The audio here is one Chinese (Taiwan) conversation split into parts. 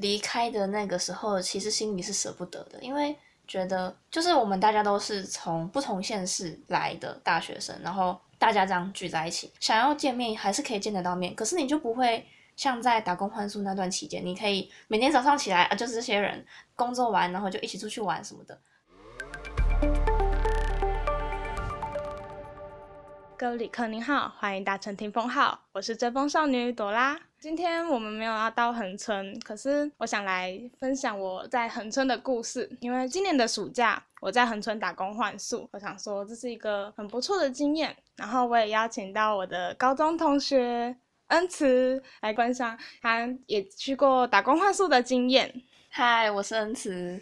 離開的那個時候，其實心裡是捨不得的，因為覺得就是我們大家都是從不同縣市來的大學生，然後大家這樣聚在一起，想要見面還是可以見得到面，可是你就不會像在打工換宿那段期間，你可以每天早上起來啊，就是這些人工作完，然後就一起出去玩什麼的。各位旅客您好，歡迎搭乘聽風號，我是追風少女朵拉。今天我們沒有要到恆春，可是我想來分享我在恆春的故事。因為今年的暑假我在恆春打工換宿，我想說這是一個很不錯的經驗。然後我也邀請到我的高中同學恩慈來觀賞，他也去過打工換宿的經驗。嗨，我是恩慈。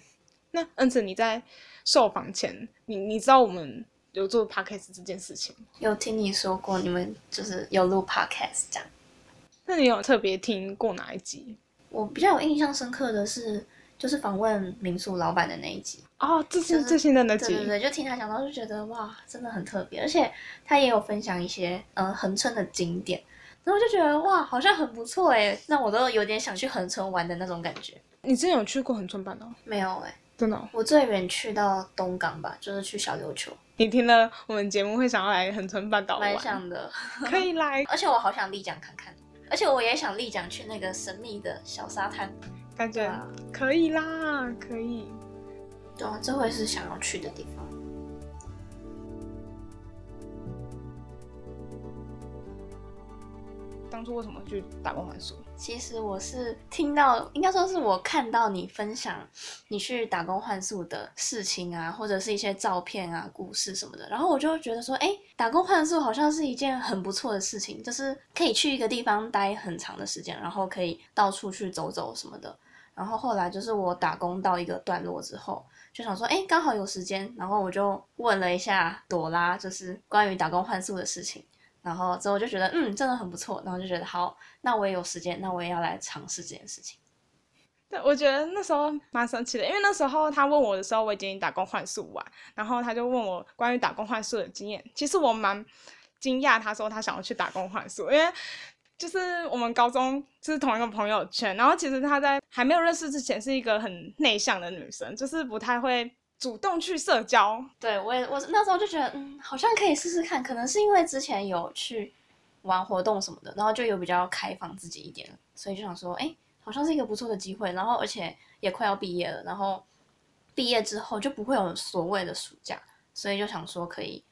那恩慈你在受訪前，你你知道我們有做 Podcast 這件事情？有聽你說過你們就是有錄 Podcast 這樣。那你有特別聽過哪一集？我比較有印象深刻的是，就是訪問民宿老板的那一集。哦，最近最新的那集。對，對，對，就聽他講到就覺得哇，真的很特別，而且他也有分享一些呃恆春的景點，然後就覺得哇，好像很不錯誒，那我都有點想去恆春玩的那種感覺。你之前有去過恆春半島？沒有誒、欸。真的、哦。我最遠去到東港吧，就是去小琉球。你聽了我們節目會想要來恆春半島嗎？蠻想的。 可以來。而且我好想麗江看看。而且我也想麗江去那個神秘的小沙灘，感覺、啊、可以啦，可以。對啊，這回是想要去的地方。當初為什麼去打工換宿？其實我是聽到，應該說是我看到你分享你去打工換宿的事情啊，或者是一些照片啊、故事什麼的，然後我就覺得說，哎，打工換宿好像是一件很不錯的事情，就是可以去一個地方待很長的時間，然後可以到處去走走什麼的。然後後來就是我打工到一個段落之後，就想說，哎，剛好有時間，然後我就問了一下朵拉，就是關於打工換宿的事情。然後之後我就覺得，嗯，真的很不錯。然後就覺得，好，那我也有時間，那我也要來嘗試這件事情。對，我覺得那時候蠻神奇的，因為那時候他問我的時候，我已經打工換宿完，然後他就問我關於打工換宿的經驗。其實我蠻驚訝，他說他想要去打工換宿，因為就是我們高中就是同一個朋友圈，然後其實他在還沒有認識之前是一個很內向的女生，就是不太會主動去社交，對，我也，我那時候就覺得，嗯，好像可以試試看。可能是因為之前有去玩活動什麼的，然後就有比較開放自己一點，所以就想說，哎、欸，好像是一個不錯的機會。然後而且也快要畢業了，然後畢業之後就不會有所謂的暑假，所以就想說可以，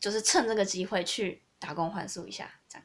就是趁這個機會去打工換宿一下，這樣。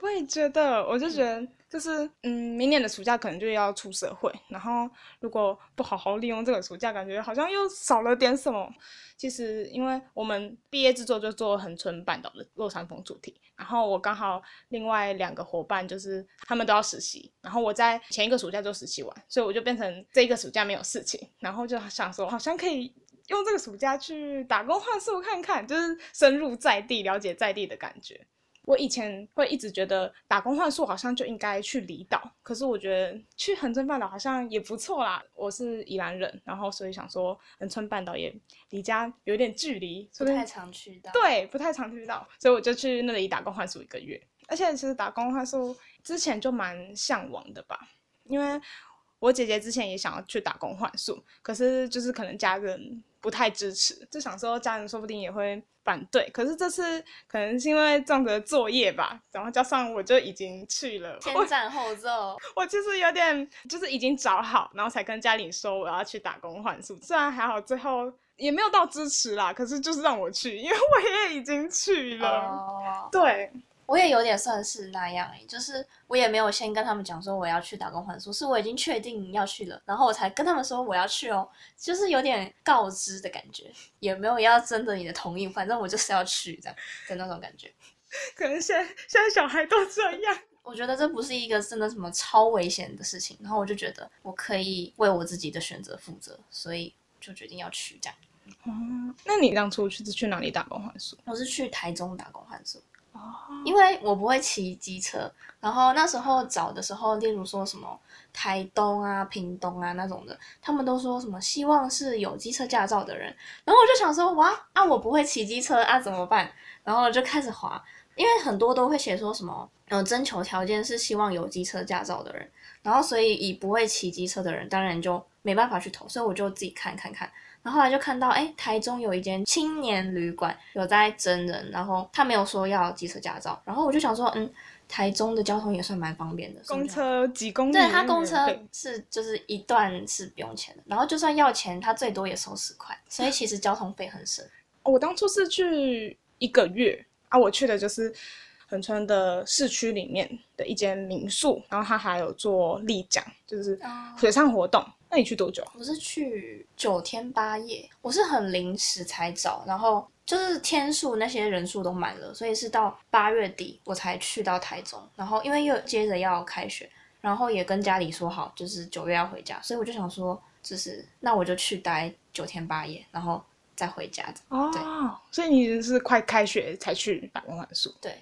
我也覺得，我就覺得。嗯就是，嗯，明年的暑假可能就要出社會，然後如果不好好利用這個暑假，感覺好像又少了點什麼。其實，因為我們畢業制作就做恆春半島的落山風主題，然後我剛好另外兩個伙伴就是他們都要實習，然後我在前一個暑假就實習完，所以我就變成這個暑假沒有事情，然後就想說，好像可以用這個暑假去打工換宿看看，就是深入在地了解在地的感覺。我以前會一直覺得打工換宿好像就應該去離島，可是我覺得去恆春半島好像也不錯啦。我是宜蘭人，然後所以想說恆春半島也離家有點距離，所以不太常去到。對，不太常去到，所以我就去那裡打工換宿一個月。而且其實打工換宿之前就蠻向往的吧，因為我姐姐之前也想要去打工換宿，可是就是可能家人。不太支持，就想說家人說不定也會反對。可是這次可能是因為這樣子的作業吧，然後加上我就已經去了，先斬後奏。我就是有點，就是已經找好，然後才跟家裡說我要去打工換宿。雖然還好，最後也沒有到支持啦，可是就是讓我去，因為我也已經去了。哦、對。我也有點算是那樣、欸、就是我也沒有先跟他們講說我要去打工換宿，是我已經確定要去了，然後我才跟他們說我要去哦，就是有點告知的感覺，也沒有要徵得你的同意，反正我就是要去這樣，的那種感覺。可能現在現在小孩都這樣。我覺得這不是一個真的什麼超危險的事情，然後我就覺得我可以為我自己的選擇負責，所以就決定要去這樣。哦、嗯，那你當初去是去哪裡打工換宿？我是去台中打工換宿。因為我不會騎機車，然後那時候找的時候，例如說什麼台東啊、屏東啊那種的，他們都說什麼希望是有機車駕照的人，然後我就想說哇啊，我不會騎機車啊怎麼辦？然後就開始滑，因為很多都會寫說什麼嗯徵求條件是希望有機車駕照的人，然後所以以不會騎機車的人當然就沒辦法去投，所以我就自己看看看。然後來就看到，哎、欸，台中有一間青年旅館有在徵人，然後他沒有說要機車駕照，然後我就想說，嗯，台中的交通也算蠻方便的，是是公車幾公里？對，他公車是就是一段是不用錢的，然後就算要錢，他最多也收十塊，所以其實交通費很省，哦。我當初是去一個月啊，我去的就是恆春的市區裡面的一間民宿，然後他還有做立槳，就是水上活動。哦。那你去多久？我是去九天八夜，我是很臨時才找，然後就是天數那些人數都滿了，所以是到八月底我才去到台中，然後因為又接着要開學，然後也跟家裡說好，就是九月要回家，所以我就想說，就是那我就去待九天八夜，然後再回家，對。哦，所以你是快開學才去打工換宿？對。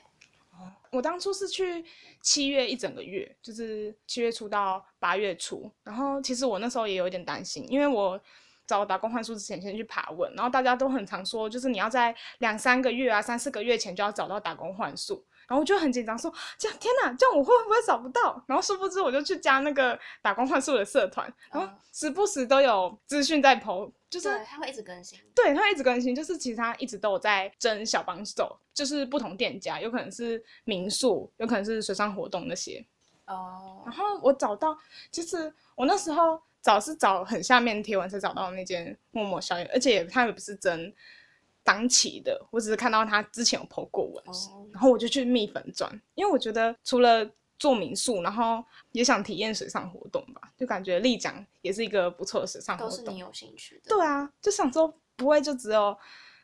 我當初是去七月一整個月，就是七月初到八月初。然後其實我那時候也有點擔心，因為我找打工換宿之前先去爬文，然後大家都很常說，就是你要在兩三個月啊、三四個月前就要找到打工換宿。然後我就很緊張，說這樣天哪，這樣我會不會找不到？然後殊不知我就去加那個打工換宿的社團、嗯，然後時不時都有資訊在 po，就是對，他會一直更新，對，他會一直更新，就是其實他一直都有在徵小幫手，就是不同店家，有可能是民宿，有可能是水上活動那些。哦、嗯。然後我找到，其實我那時候找是找很下面貼文才找到那間默默小院，而且它也，也不是真。當期的，我只是看到他之前有 PO 過文，哦，然後我就去蜜粉專，因為我覺得除了做民宿，然後也想體驗水上活動吧，就感覺立槳也是一個不錯的水上活動。都是你有興趣的。對啊，就想說不會就只有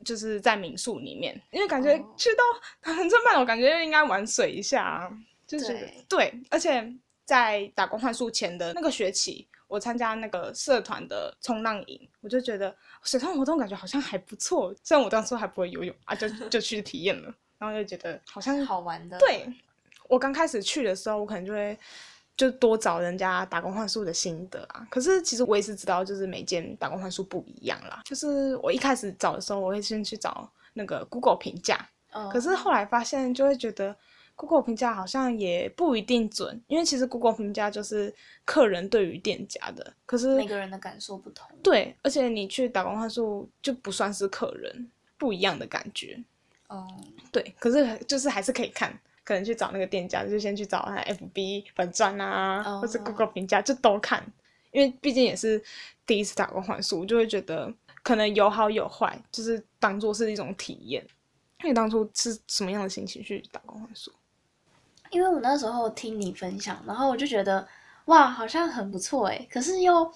就是在民宿裡面，因為感覺去到很南慢，我感覺應該玩水一下，啊，就是對，對，而且在打工換宿前的那個學期。我參加那個社團的衝浪營，我就覺得水上活動感覺好像還不錯，雖然我當初還不會游泳啊，就就去體驗了，然後就覺得好像好玩的。對，我剛開始去的時候，我可能就會就多找人家打工換宿的心得啊。可是其實我也是知道，就是每間打工換宿不一樣啦。就是我一開始找的時候，我會先去找那個 Google 評價，Oh. 可是後來發現就會覺得。Google 評價好像也不一定準，因為其實 Google 評價就是客人對於店家的，可是每個人的感受不同。對，而且你去打工換宿就不算是客人，不一樣的感覺。哦、嗯。對，可是就是還是可以看，可能去找那個店家就先去找他 FB 粉專啊，嗯，或是 Google 評價就都看，因為畢竟也是第一次打工換宿，我就會覺得可能有好有壞，就是當做是一種體驗。因為當初是什麼樣的心情去打工換宿？因為我那時候聽你分享，然後我就覺得，哇，好像很不錯誒。可是又，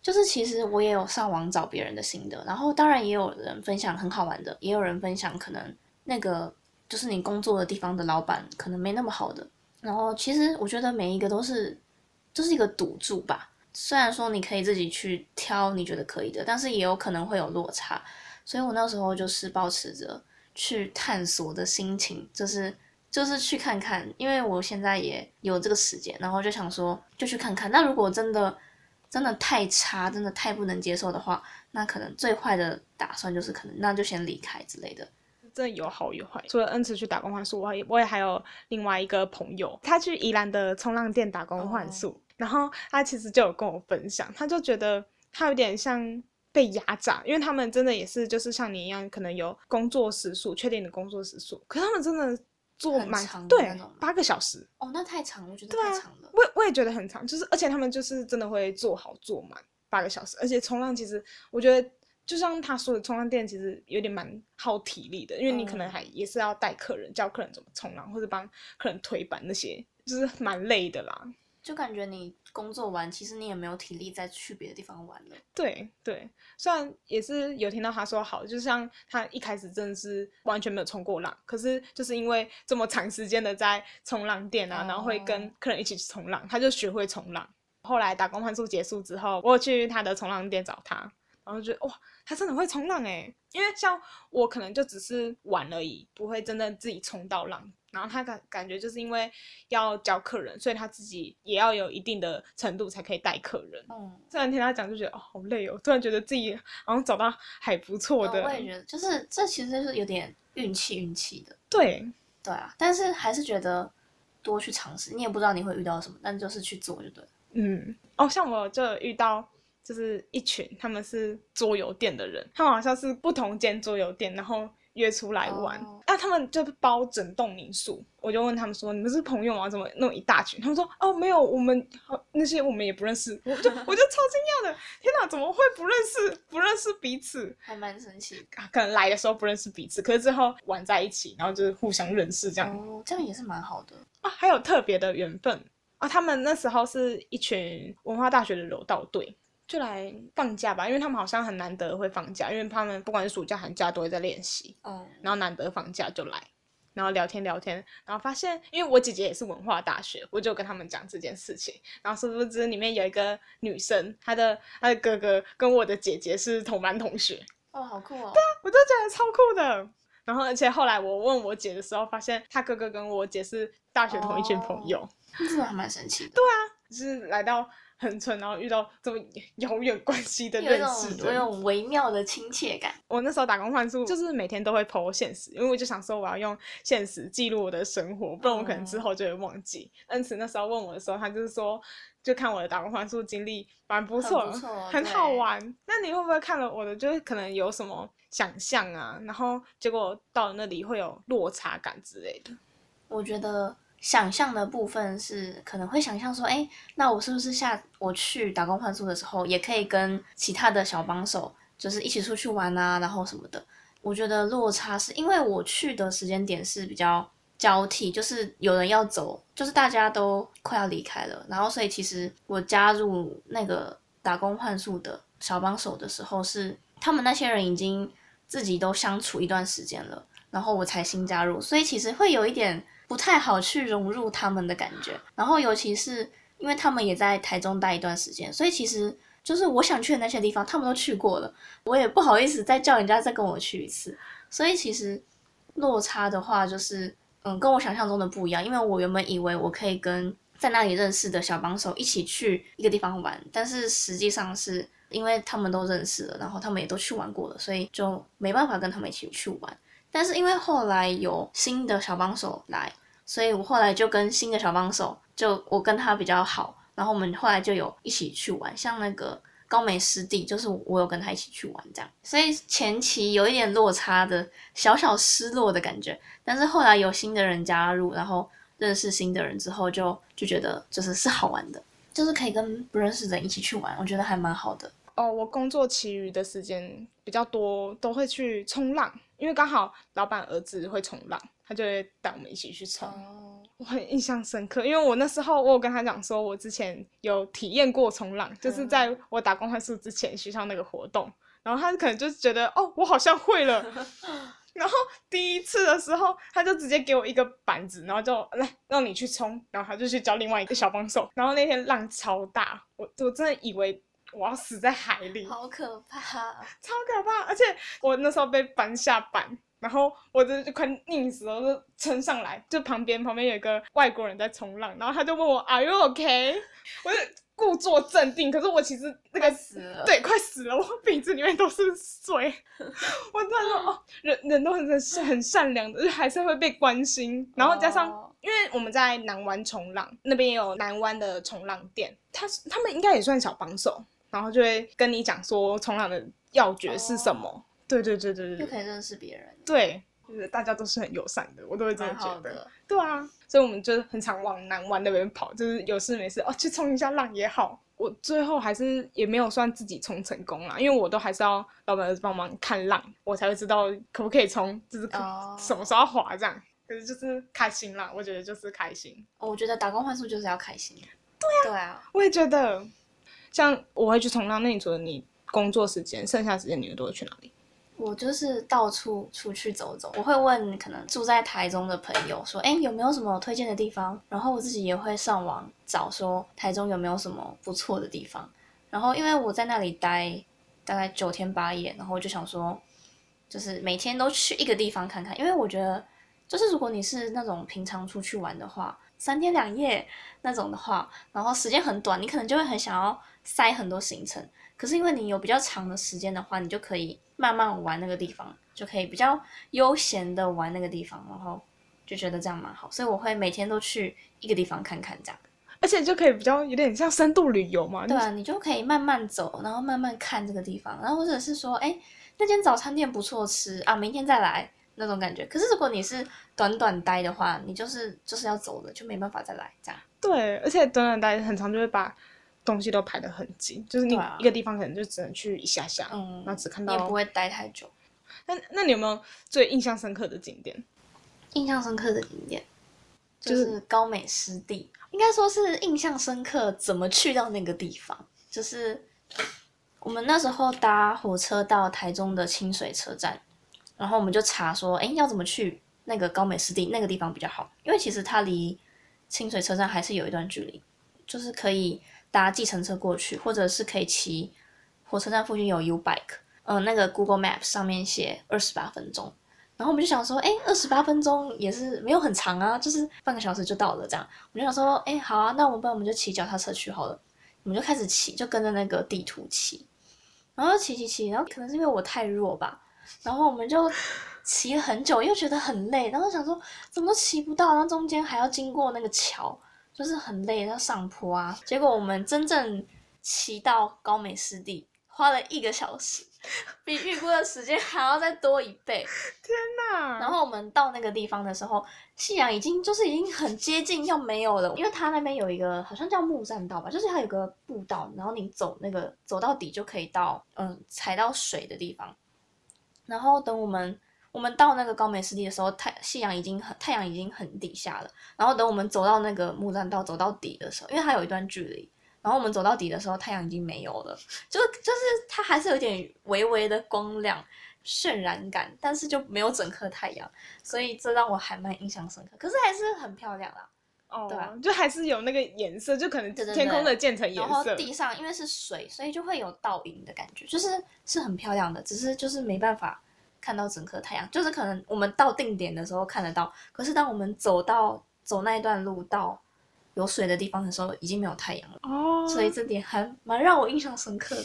就是其實我也有上網找別人的心得，然後當然也有人分享很好玩的，也有人分享可能那個就是你工作的地方的老板可能沒那麼好的。然後其實我覺得每一個都是，就是一個賭注吧。雖然說你可以自己去挑你覺得可以的，但是也有可能會有落差。所以我那時候就是抱持着去探索的心情，就是。就是去看看，因為我現在也有這個時間，然後就想說就去看看。那如果真的，真的太差，真的太不能接受的話，那可能最壞的打算就是可能那就先離開之類的。真的有好有壞。除了恩慈去打工換宿，我也我也還有另外一個朋友，他去宜蘭的衝浪店打工換宿，oh. 然後他其實就有跟我分享，他就覺得他有點像被壓榨，因為他們真的也是就是像你一樣，可能有工作時數確定的工作時數，可他們真的。坐滿，對，八個小時。哦，那太長了，我覺得太長了。啊、我我也覺得很長，就是而且他們就是真的會坐好坐滿八個小時，而且衝浪其實我覺得就像他說的，衝浪店其實有點蠻耗體力的，因為你可能還也是要帶客人教、嗯、客人怎麼衝浪，或者幫客人推板那些，就是蠻累的啦。就感覺你工作完，其實你也沒有體力再去別的地方玩了。對對，雖然也是有聽到他說好，就像他一開始真的是完全沒有衝過浪，可是就是因為這麼長時間的在衝浪店啊，然後會跟客人一起去衝浪，他就學會衝浪。後來打工換宿結束之後，我有去他的衝浪店找他。然後就覺得哇，他真的會衝浪誒，因為像我可能就只是玩而已，不會真的自己衝到浪。然後他感感覺就是因為要教客人，所以他自己也要有一定的程度才可以帶客人。嗯。突然聽他講，就覺得哦，好累哦。突然覺得自己，然後找到還不錯的。嗯，我也覺得，就是這其實就是有點運氣運氣的。對。對啊，但是還是覺得，多去嘗試，你也不知道你會遇到什麼，但就是去做就對了。嗯。哦，像我就遇到。就是一群，他們是桌遊店的人，他們好像是不同間桌遊店，然後約出來玩。那、哦啊、他們就包整棟民宿，我就問他們說：“你們是朋友嗎？怎麼弄一大群？”他們說：“哦，沒有，我們那些我們也不認識。 我”我就我就超驚訝的，天哪，怎麼會不認識不認識彼此？還蠻神奇的、啊，可能來的時候不認識彼此，可是之後玩在一起，然後就是互相認識這樣。哦，這樣也是蠻好的啊，還有特別的緣分啊。他們那時候是一群文化大學的柔道隊。就來放假吧，因為他們好像很難得會放假，因為他們不管是暑假、寒假都會在練習。哦。然後難得放假就來，然後聊天聊天，然後發現，因為我姐姐也是文化大學，我就跟他們講這件事情，然後殊不知裡面有一個女生，她的她的哥哥跟我的姐姐是同班同學。哦，好酷哦。對啊，我就覺得超酷的。然後，而且後來我問我姐的時候，發現她哥哥跟我姐是大學同一群朋友。這、哦、還蠻神奇的。對啊，就是來到。很蠢，然後遇到這麼遙遠關係的認識人，我有一種，有一種微妙的親切感。我那時候打工換宿，就是每天都會 po 我現實，因為我就想說我要用現實記錄我的生活，不然我可能之後就會忘記。恩、嗯、慈那時候問我的時候，他就是說，就看我的打工換宿經歷蠻不錯，很不錯，很好玩。那你會不會看了我的，就是可能有什麼想象啊？然後結果到了那裡會有落差感之類的？我覺得。想象的部分是可能會想象說，哎，那我是不是下我去打工換宿的時候，也可以跟其他的小幫手，就是一起出去玩啊，然後什麼的。我覺得落差是因為我去的時間點是比較交替，就是有人要走，就是大家都快要離開了，然後所以其實我加入那個打工換宿的小幫手的時候是，是他們那些人已經自己都相處一段時間了，然後我才新加入，所以其實會有一點。不太好去融入他們的感覺，然後尤其是因為他們也在台中待一段時間，所以其實就是我想去的那些地方，他們都去過了，我也不好意思再叫人家再跟我去一次，所以其實落差的話就是，嗯，跟我想象中的不一樣，因為我原本以為我可以跟在那裡認識的小幫手一起去一個地方玩，但是實際上是因為他們都認識了，然後他們也都去玩過了，所以就沒辦法跟他們一起去玩。但是因為後來有新的小幫手來，所以我後來就跟新的小幫手就我跟他比較好，然後我們後來就有一起去玩，像那個高美濕地，就是我有跟他一起去玩這樣，所以前期有一點落差的小小失落的感覺，但是後來有新的人加入，然後認識新的人之後就，就就覺得就是是好玩的，就是可以跟不認識的人一起去玩，我覺得還蠻好的。哦，我工作其餘的時間比較多，都會去衝浪。因為剛好老闆兒子會衝浪，他就帶我們一起去衝。Oh. 我很印象深刻，因為我那時候我有跟他講說，我之前有體驗過衝浪，oh. 就是在我打工換宿之前學校那個活動。然後他可能就是覺得哦，我好像會了。 然後第一次的時候，他就直接給我一個板子，然後就來讓你去衝。然後他就去教另外一個小幫手。然後那天浪超大，我我真的以為。我要死在海裡，好可怕，超可怕！而且我那時候被搬下板，然後我就就快溺死了，就撐上來，就旁邊旁邊有一個外國人在衝浪，然後他就問我 Are you okay？我就故作鎮定，可是我其實那個死了，對，快死了，我鼻子裡面都是水。 我突然說，哦，人人都很很善良的，就還是會被關心。然後加上，哦、因為我們在南灣衝浪，那邊有南灣的衝浪店，他他們應該也算小幫手。然後就會跟你講說衝浪的要訣是什麼？哦、對對對對，就可以認識別人。對，就是大家都是很友善的，我都會這樣覺得。對啊，所以我們就很常往南灣那邊跑，就是有事沒事哦，去衝一下浪也好。我最後還是也沒有算自己衝成功啦，因為我都還是要老闆兒子幫忙看浪，我才會知道可不可以衝，就是可、哦、什麼時候要滑這樣。可是就是開心啦，我覺得就是開心。哦、我覺得打工換宿就是要開心。對啊。對啊，我也覺得。像我會去衝浪，那除了你工作時間，剩下的時間你都會去哪裡？我就是到處出去走走。我會問可能住在台中的朋友說，哎，有沒有什麼推薦的地方？然後我自己也會上網找，說台中有沒有什麼不錯的地方。然後因為我在那裡待大概九天八夜，然後我就想說，就是每天都去一個地方看看。因為我覺得，就是如果你是那種平常出去玩的話，三天兩夜那種的話，然後時間很短，你可能就會很想要。塞很多行程，可是因為你有比較長的時間的話，你就可以慢慢玩那個地方，就可以比較悠閒的玩那個地方，然後就覺得這樣蠻好，所以我會每天都去一個地方看看這樣，而且就可以比較有點像深度旅遊嘛。對啊，你就可以慢慢走，然後慢慢看這個地方，然後或者是說，哎，那間早餐店不錯吃啊，明天再來那種感覺。可是如果你是短短待的話，你就是就是要走的，就沒辦法再來這樣。對，而且短短待很常就會把。東西都排得很緊，就是你一個地方可能就只能去一下下，啊、那只看到，嗯、你也不會待太久。那那你有沒有最印象深刻的景點？印象深刻的景點就是高美濕地，就是，應該說是印象深刻。怎麼去到那個地方？就是我們那時候搭火車到台中的清水車站，然後我們就查說，哎、欸，要怎麼去那個高美濕地那個地方比較好？因為其實它離清水車站還是有一段距離，就是可以。搭計程車過去，或者是可以騎，火車站附近有 U bike，嗯、呃，那個 Google Maps 上面寫二十八分鐘，然後我們就想說，哎、欸，二十八分鐘也是沒有很長啊，就是半個小時就到了這樣。我們就想說，哎、欸，好啊，那我們不然我們就騎腳踏車去好了。我們就開始騎，就跟着那個地圖騎，然後騎騎騎，然後可能是因為我太弱吧，然後我們就騎了很久，又覺得很累，然後想說怎麼都騎不到，然後中間還要經過那個橋。就是很累，要上坡啊！結果我們真正騎到高美濕地，花了一個小時，比預估的時間還要再多一倍。天吶，然後我們到那個地方的時候，夕陽已經就是已經很接近要沒有了，因為它那邊有一個好像叫木棧道吧，就是它有個步道，然後你走那個走到底就可以到嗯踩到水的地方，然後等我們。我們到那個高美濕地的時候，太夕陽已經很太陽已經很底下了。然後等我們走到那個木棧道走到底的時候，因為它有一段距離。然後我們走到底的時候，太陽已經沒有了，就就是它還是有點微微的光亮，渲染感，但是就沒有整顆太陽。所以這讓我還蠻印象深刻。可是還是很漂亮啊。哦，對啊。就還是有那個顏色，就可能天空的漸層顏色。對對對，然後地上因為是水，所以就會有倒影的感覺，就是是很漂亮的，只是就是沒辦法。看到整顆太陽，就是可能我們到定點的時候看得到，可是當我們走到走那一段路到有水的地方的時候，已經沒有太陽了。哦、oh。所以這點還蠻讓我印象深刻，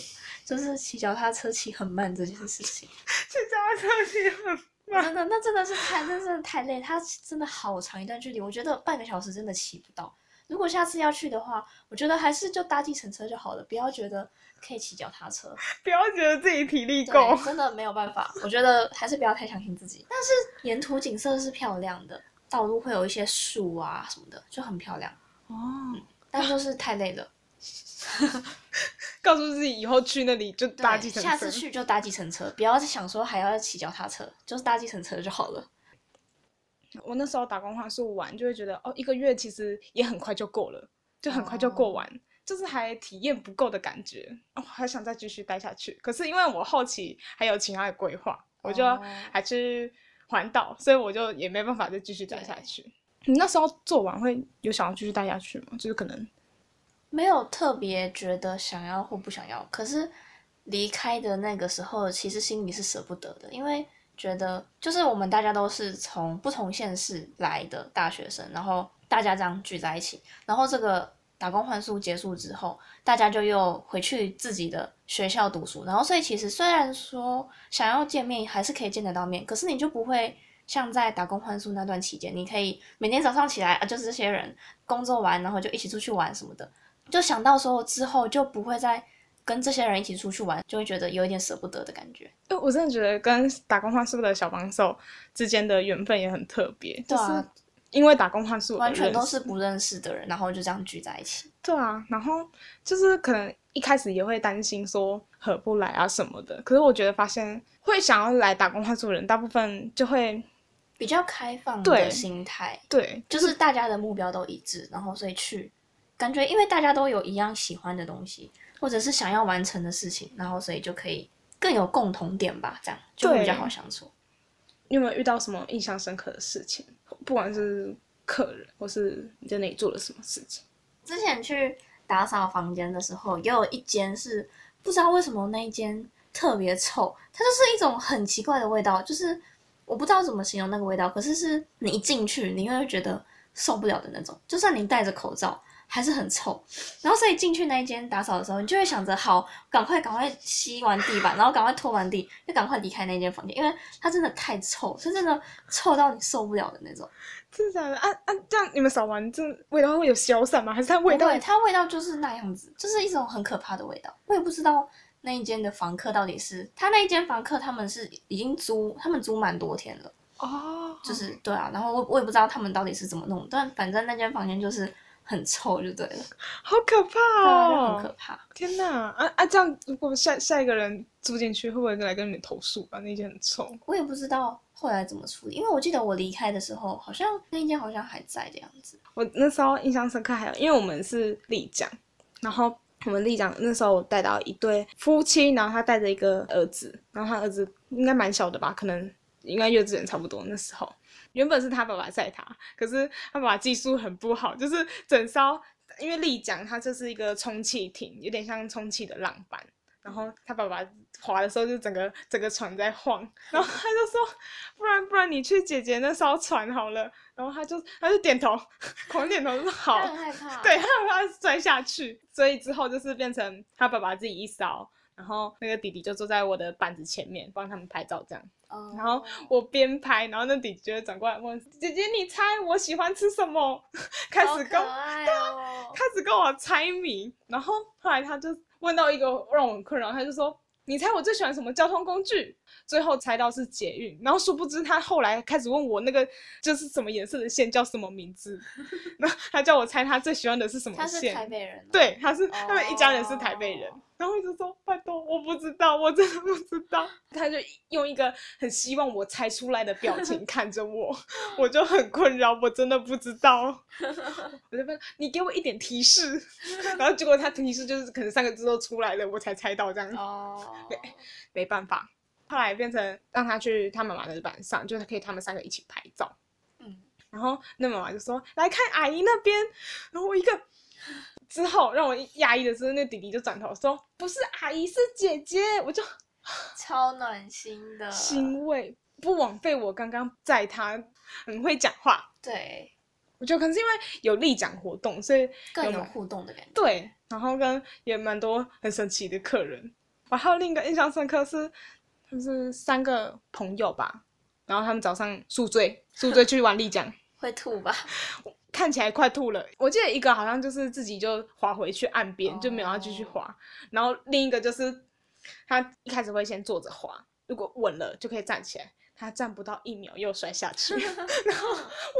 就是騎腳踏車騎很慢這件事情。騎 腳踏車騎很慢。真的，那真的是太，那真的太累。它真的好長一段距離，我覺得半個小時真的騎不到。如果下次要去的話，我覺得還是就搭計程車就好了，不要覺得。可以騎腳踏車，不要覺得自己體力夠，真的沒有辦法。 我覺得還是不要太相信自己。但是沿途景色是漂亮的，道路會有一些樹啊什麼的，就很漂亮。哦，嗯、但就是太累了。 告訴自己以後去那裡就搭計程車，下次去就搭計程車，不要想說還要騎腳踏車，就是搭計程車就好了。我那時候打工話是玩就會覺得哦，一個月其實也很快就過了，就很快就過完。哦就是還體驗不夠的感覺，我還想再繼續待下去。可是因為我後期還有其他的規劃，我就還去環島，所以我就也沒辦法再繼續待下去。你那時候做完會有想要繼續待下去嗎？就是可能沒有特別覺得想要或不想要，可是離開的那個時候，其實心裡是舍不得的，因為覺得就是我們大家都是從不同縣市來的大學生，然後大家這樣聚在一起，然後這個。打工換宿結束之後，大家就又回去自己的學校讀書，然後所以其實雖然說想要見面還是可以見得到面，可是你就不會像在打工換宿那段期間，你可以每天早上起來啊，就是這些人工作完，然後就一起出去玩什麼的，就想到說之後就不會再跟這些人一起出去玩，就會覺得有一點捨不得的感覺。因為我真的覺得跟打工換宿的小幫手之間的緣分也很特別。對啊。就是因為打工換宿，完全都是不認識的人，然後就這樣聚在一起。對啊，然後就是可能一開始也會擔心說合不來啊什麼的，可是我覺得發現會想要來打工換宿的人大部分就會比較開放的心態，對，對，就是大家的目標都一致，然後所以去感覺因為大家都有一樣喜歡的東西，或者是想要完成的事情，然後所以就可以更有共同點吧，這樣就比較好相處。你有沒有遇到什麼印象深刻的事情？不管是客人，或是你在那裡做了什麼事情，之前去打掃房間的時候，也有，有一間是不知道為什麼那一間特別臭，它就是一種很奇怪的味道，就是我不知道怎麼形容那個味道，可是是你一進去，你會覺得受不了的那種，就算你戴着口罩。還是很臭，然後所以進去那一間打掃的時候，你就會想着好，趕快趕快吸完地板，然後趕快拖完地，就趕快離開那間房間，因為它真的太臭，是真的臭到你受不了的那種。真的假的？啊啊！這樣你們掃完，這味道會有消散嗎？還是它味道？對，它味道就是那樣子，就是一種很可怕的味道。我也不知道那一間的房客到底是他那一間房客，他們是已經租，他們租蠻多天了。哦、oh.。就是對啊，然後我我也不知道他們到底是怎麼弄，但反正那間房間就是。很臭就對了，好可怕哦！對啊，很可怕。天哪，啊啊！這樣，如果下下一個人住進去，會不會來跟你們投訴啊？那些很臭。我也不知道後來怎麼處理，因為我記得我離開的時候，好像那一天好像還在的樣子。我那時候印象深刻，還有因為我們是麗江，然後我們麗江那時候帶到一對夫妻，然後他帶着一個兒子，然後他兒子應該蠻小的吧，可能應該幼稚園差不多那時候。原本是他爸爸載他，可是他爸爸技術很不好，就是整艘，因為立槳它就是一個充氣艇，有點像充氣的浪板，然後他爸爸划的時候，就整個整個船在晃，然後他就說、嗯，不然不然你去姐姐那艘船好了，然後他就他就點頭，狂點頭說好 他很害怕，對，他害怕摔下去，所以之後就是變成他爸爸自己一艘，然後那個弟弟就坐在我的板子前面幫他們拍照這樣。Oh. 然後我邊拍，然後那姐姐轉過來問姐姐：“你猜我喜歡吃什麼？” 開始跟對啊、哦，開始跟我猜謎。然後後來他就問到一個讓我很困擾，然後他就說：“你猜我最喜歡什麼交通工具？”最後猜到是捷運。然後殊不知他後來開始問我那個就是什麼顏色的線叫什麼名字， 然後他叫我猜他最喜歡的是什麼線。他是台北人、啊。對，他是、oh. 他們一家人是台北人。然後一直說：“拜托，我不知道，我真的不知道。”他就用一個很希望我猜出來的表情看着我， 我就很困擾，我真的不知道。我就說：“你給我一點提示。 ”然後結果他提示就是可能三個字都出來了，我才猜到這樣。哦、oh.。沒辦法，後來變成讓他去他媽媽的板上，就是可以他們三個一起拍照。嗯。然後那媽媽就說：“來看阿姨那邊。”然後我一個。之後讓我訝異的是，那弟弟就轉頭說：“不是阿姨，是姐姐。”我就超暖心的欣慰，不枉費我剛剛載他很會講話。對，我覺得可能是因為有立槳活動，所以有更有互動的感覺。對，然後跟也蠻多很神奇的客人。我還有另一個印象深刻是，就是三個朋友吧，然後他們早上宿醉，宿醉去玩立槳， 會吐吧。看起來快吐了。我記得一個好像就是自己就滑回去岸邊，oh. 就沒有要繼續滑。然後另一個就是他一開始會先坐着滑，如果穩了就可以站起來。他站不到一秒又摔下去， 然後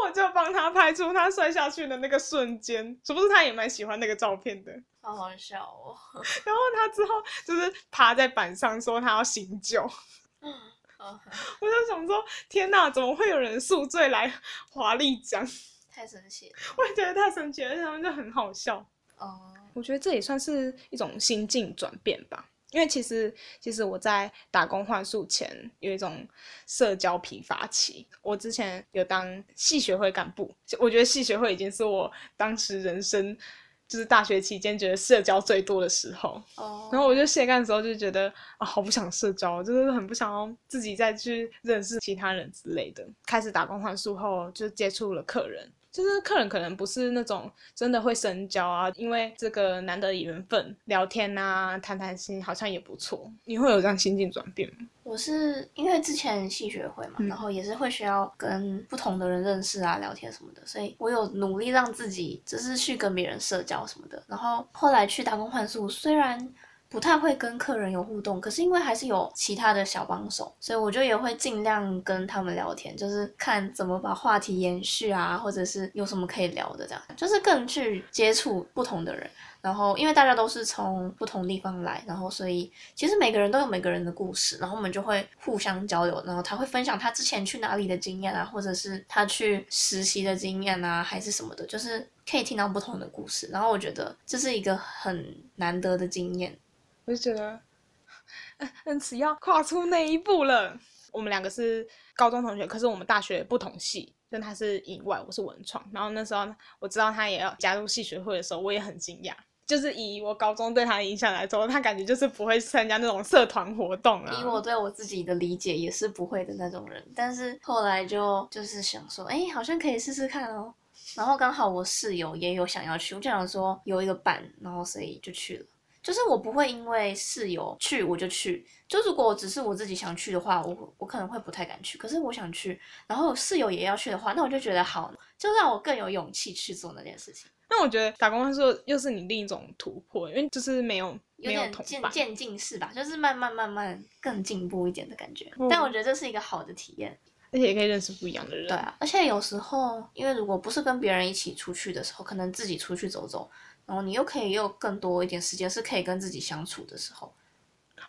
我就幫他拍出他摔下去的那個瞬間，是不是他也蠻喜歡那個照片的？好、oh, 好笑哦。然後他之後就是趴在板上說他要醒酒。 我就想說，天哪，怎麼會有人宿醉來划立槳？太神奇了！我也覺得太神奇了，但是他們就很好笑。哦、oh.。我覺得這也算是一種心境轉變吧，因為其實其實我在打工換宿前有一種社交疲乏期。我之前有當系學會幹部，我覺得系學會已經是我當時人生，就是大學期間覺得社交最多的時候。哦、oh.。然後我就卸幹的時候就覺得啊，好不想社交，就是很不想要自己再去認識其他人之類的。開始打工換宿後，就接觸了客人。就是客人可能不是那種真的會深交啊，因為這個難得的緣分，聊天啊，談談心好像也不錯，你會有這樣心境轉變嗎？我是因為之前系學會嘛、嗯，然後也是會需要跟不同的人認識啊、聊天什麼的，所以我有努力讓自己就是去跟別人社交什麼的，然後後來去打工換宿。雖然。不太會跟客人有互動，可是因為還是有其他的小幫手，所以我就也會盡量跟他們聊天，就是看怎麼把話題延續啊，或者是有什麼可以聊的這樣，就是更去接觸不同的人。然後因為大家都是從不同地方來，然後所以其實每個人都有每個人的故事，然後我們就會互相交流。然後他會分享他之前去哪裡的經驗啊，或者是他去實習的經驗啊，還是什麼的，就是可以聽到不同的故事。然後我覺得這是一個很難得的經驗。我就覺得，嗯嗯，只要跨出那一步了。我們兩個是高中同學，可是我們大學不同系，但他是以外，我是文創。然後那時候我知道他也要加入系學會的時候，我也很驚訝。就是以我高中對他的印象來說，他感覺就是不會參加那種社團活動。以我對我自己的理解，也是不會的那種人。但是後來就就是想說，哎、欸，好像可以試試看哦。然後剛好我室友也有想要去，我就想說有一個伴，然後所以就去了。就是我不會因為室友去我就去，就如果只是我自己想去的話，我我可能會不太敢去。可是我想去，然後室友也要去的話，那我就覺得好，就讓我更有勇氣去做那件事情。那我覺得打工是又是你另一種突破，因為就是沒有有點漸沒有漸，漸進式吧，就是慢慢慢慢更進步一點的感覺，嗯。但我覺得這是一個好的體驗，而且也可以認識不一樣的人。對啊，而且有時候因為如果不是跟別人一起出去的時候，可能自己出去走走。然後你又可以有更多一點時間，是可以跟自己相處的時候、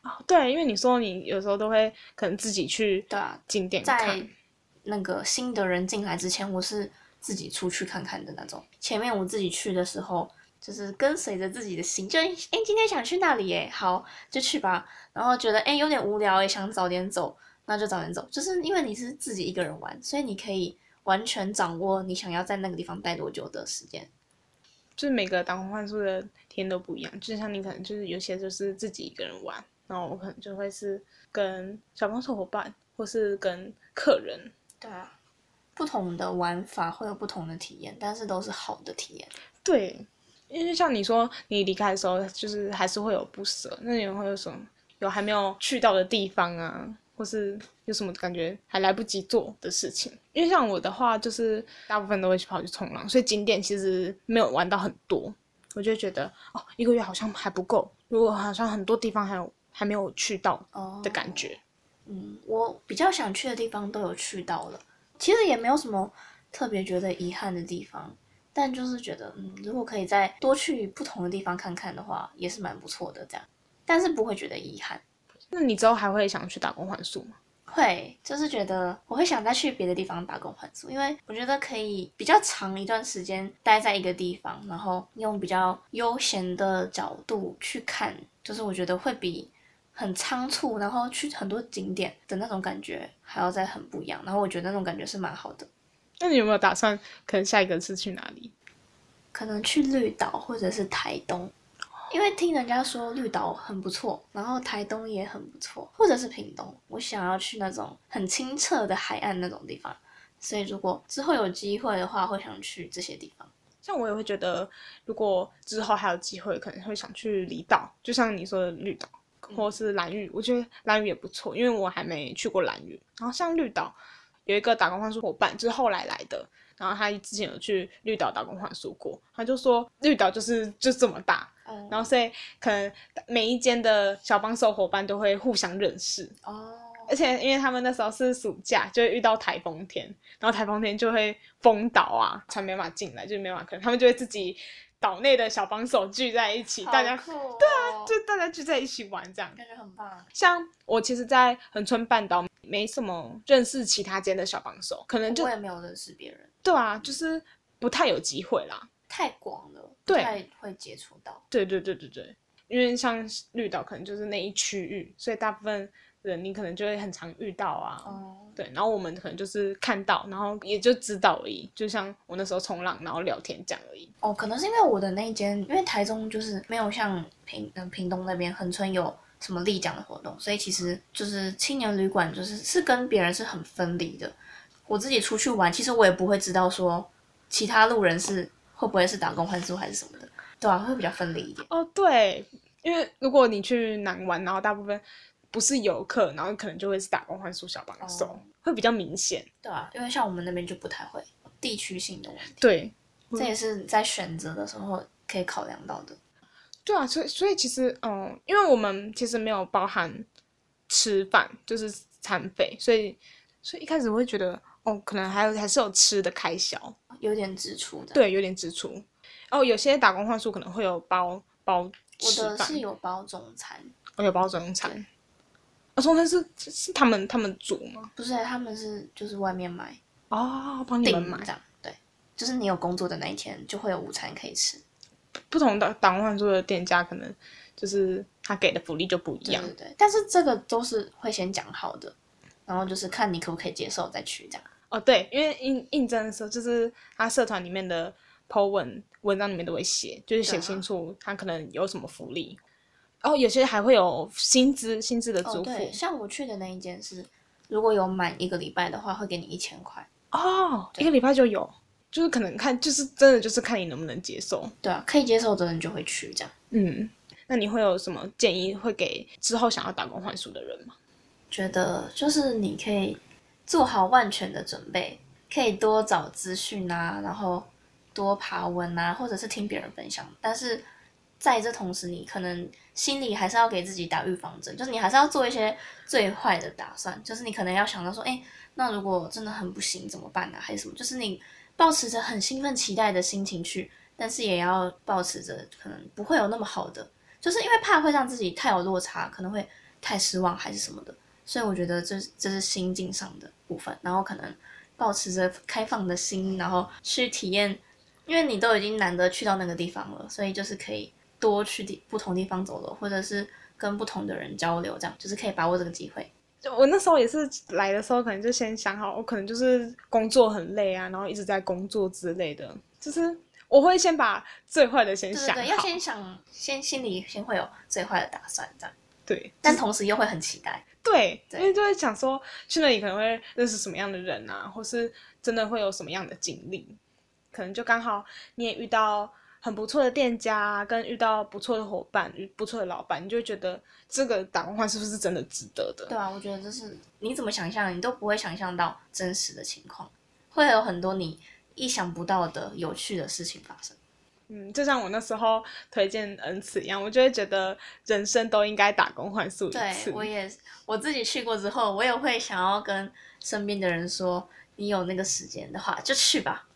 哦。對，因為你說你有時候都會可能自己去看。對景、啊、點。在，那個新的人進來之前，我是自己出去看看的那種。前面我自己去的時候，就是跟隨着自己的心，就哎、欸，今天想去哪裡、欸，哎，好，就去吧。然後覺得哎、欸，有點無聊、欸，哎，想早點走，那就早點走。就是因為你是自己一個人玩，所以你可以完全掌握你想要在那個地方待多久的時間。就是每個打工換宿的天，都不一樣，就像你可能就是有些就是自己一個人玩，然後我可能就會是跟小幫手夥伴，或是跟客人。對啊，不同的玩法會有不同的體驗，但是都是好的體驗。對，因為就像你說，你離開的時候，就是還是會有不舍。那你會有什麼有還沒有去到的地方啊？或是有什麼感覺還來不及做的事情，因為像我的話，就是大部分都會去跑去衝浪，所以景點其實沒有玩到很多。我就覺得哦，一個月好像還不夠，如果好像很多地方還有還沒有去到的感覺。哦，嗯，我比較想去的地方都有去到了，其實也沒有什麼特別覺得遺憾的地方，但就是覺得嗯，如果可以再多去不同的地方看看的話，也是蠻不錯的這樣，但是不會覺得遺憾。那你之後還會想去打工換宿嗎？會，就是覺得我會想再去別的地方打工換宿，因為我覺得可以比較長一段時間待在一個地方，然後用比較悠閒的角度去看，就是我覺得會比很倉促，然後去很多景點的那種感覺還要再很不一樣。然後我覺得那種感覺是蠻好的。那你有沒有打算可能下一個是去哪裡？可能去綠島或者是台東。因為聽人家說綠島很不錯，然後台東也很不錯，或者是屏東，我想要去那種很清澈的海岸那種地方，所以如果之後有機會的話，會想去這些地方。像我也會覺得，如果之後還有機會，可能會想去離島，就像你說的綠島，嗯、或是蘭嶼。我覺得蘭嶼也不錯，因為我還沒去過蘭嶼。然後像綠島，有一個打工換宿夥伴，就是後來來的，然後他之前有去綠島打工換宿過，他就說綠島就是就這麼大。然後，所以可能每一間的小幫手伙伴都會互相認識。Oh. 而且，因為他們那時候是暑假，就會遇到台風天，然後台風天就會封島啊，才沒法進來，就是沒法，可能他們就會自己島內的小幫手聚在一起，哦、大家，對啊，就大家聚在一起玩，這樣感覺很棒。像我其實，在恆春半島沒什麼認識其他間的小幫手，可能就我也沒有認識別人。對啊，就是不太有機會啦。太廣了，不太會接觸到。對對對對對，因為像綠島可能就是那一區域，所以大部分人你可能就會很常遇到啊。哦。對，然後我們可能就是看到，然後也就知道而已。就像我那時候衝浪，然後聊天這樣而已。哦，可能是因為我的那一間，因為台中就是沒有像平呃屏東那邊恆春有什麼麗江的活動，所以其實就是青年旅館，就是是跟別人是很分離的。我自己出去玩，其實我也不會知道說，其他路人是。會不會是打工換宿還是什麼的？對啊，會比較分離一點。哦，對，因為如果你去南灣，然後大部分不是遊客，然後可能就會是打工換宿小幫手，哦，會比較明顯。對啊，因為像我們那邊就不太會地區性的問題。對，這也是在選擇的時候可以考量到的。對，對啊，所以所以其實嗯，因為我們其實沒有包含吃飯，就是餐費，所以所以一開始我會覺得。哦，可能還有還是有吃的開銷，有點支出的。對，有點支出。哦，有些打工換宿可能會有包包吃飯。我的是有包中餐。我，哦，有包中餐，啊，哦，中餐是是他們他們煮嗎？不是，他們是就是外面買。哦，幫你們買。對，這樣。對，就是你有工作的那一天就會有午餐可以吃。不，不同的打，打工換宿的店家可能，就是他給的福利就不一樣。對對對，但是這個都是會先講好的，然後就是看你可不可以接受再去這樣。哦，對，因為應應，應徵的時候，就是他社團裡面的 PO 文文章裡面都會寫，就是寫清楚他可能有什麼福利，然後、啊哦、有些還會有薪資，薪資的支付、哦。像我去的那一間是，如果有滿一個禮拜的話，會給你一千塊。哦，一個禮拜就有，就是可能看，就是真的就是看你能不能接受。對啊，可以接受的人就會去這樣。嗯，那你會有什麼建議會給之後想要打工換宿的人嗎？覺得就是你可以。做好萬全的準備，可以多找資訊啊，然後多爬文啊，或者是聽別人分享。但是，在這同時，你可能心裡還是要給自己打預防針，就是你還是要做一些最壞的打算，就是你可能要想到說，哎，那如果真的很不行怎麼辦呢、啊？還是什麼？就是你抱持着很興奮期待的心情去，但是也要抱持着可能不會有那麼好的，就是因為怕會讓自己太有落差，可能會太失望還是什麼的。所以我覺得這這是心境上的部分，然後可能抱持著開放的心，然後去體驗，因為你都已經難得去到那個地方了，所以就是可以多去地不同地方走走，或者是跟不同的人交流，這樣就是可以把握這個機會。就我那時候也是來的時候，可能就先想好，我可能就是工作很累啊，然後一直在工作之類的，就是我會先把最壞的先想好。對，對，對，要先想，先心裡先會有最壞的打算，這樣對，但同時又會很期待。對,對，因為就會想說，去那裡可能會認識什麼樣的人啊，或是真的會有什麼樣的經歷，可能就剛好你也遇到很不錯的店家，啊，跟遇到不錯的伙伴，不錯的老板，你就會覺得這個打工換宿是不是真的值得的？對啊，我覺得就是你怎麼想象，你都不會想象到真實的情況，會有很多你意想不到的有趣的事情發生。嗯，就像我那時候推薦恩慈一樣，我就會覺得人生都應該打工換宿一次。對，我也我自己去過之後，我也會想要跟身邊的人說，你有那個時間的話就去吧，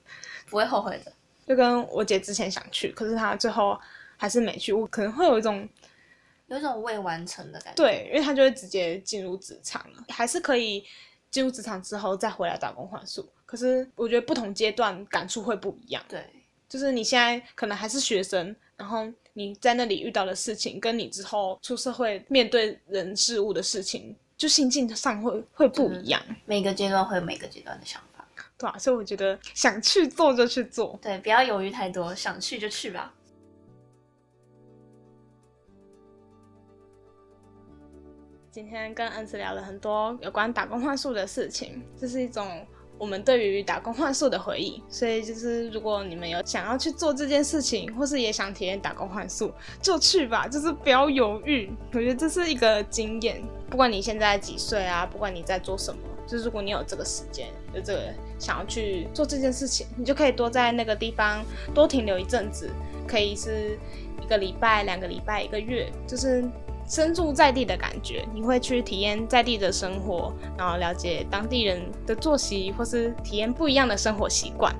不會後悔的。就跟我姐之前想去，可是她最後還是沒去。我可能會有一種有一種未完成的感覺。對，因為她就會直接進入職場了，還是可以進入職場之後再回來打工換宿。可是我覺得不同階段感觸會不一樣。對。就是你現在可能還是學生，然後你在那裡遇到的事情，跟你之後出社會面對人事物的事情，就心境上會會不一樣。就是、每個階段會有每個階段的想法。對啊，所以我覺得想去做就去做。對，不要猶豫太多，想去就去吧。今天跟恩慈聊了很多有關打工換宿的事情，這、就是一種，我們對於打工換宿的回憶，所以就是，如果你們有想要去做這件事情，或是也想體驗打工換宿，就去吧，就是不要猶豫。我覺得這是一個經驗，不管你現在幾歲啊，不管你在做什麼，就是如果你有這個時間，有這個想要去做這件事情，你就可以多在那個地方多停留一陣子，可以是一個禮拜、兩個禮拜、一個月，就是。身處在地的感覺，你會去體驗在地的生活，然後了解當地人的作息，或是體驗不一樣的生活習慣。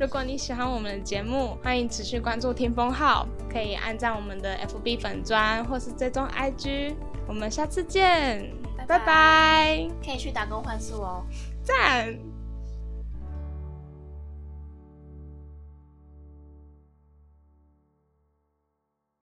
如果你喜歡我們的節目，歡迎持續關注聽風號，可以按讚我們的 FB 粉專或是追蹤 IG。我們下次見，拜拜。拜拜，可以去打工換宿哦，讚。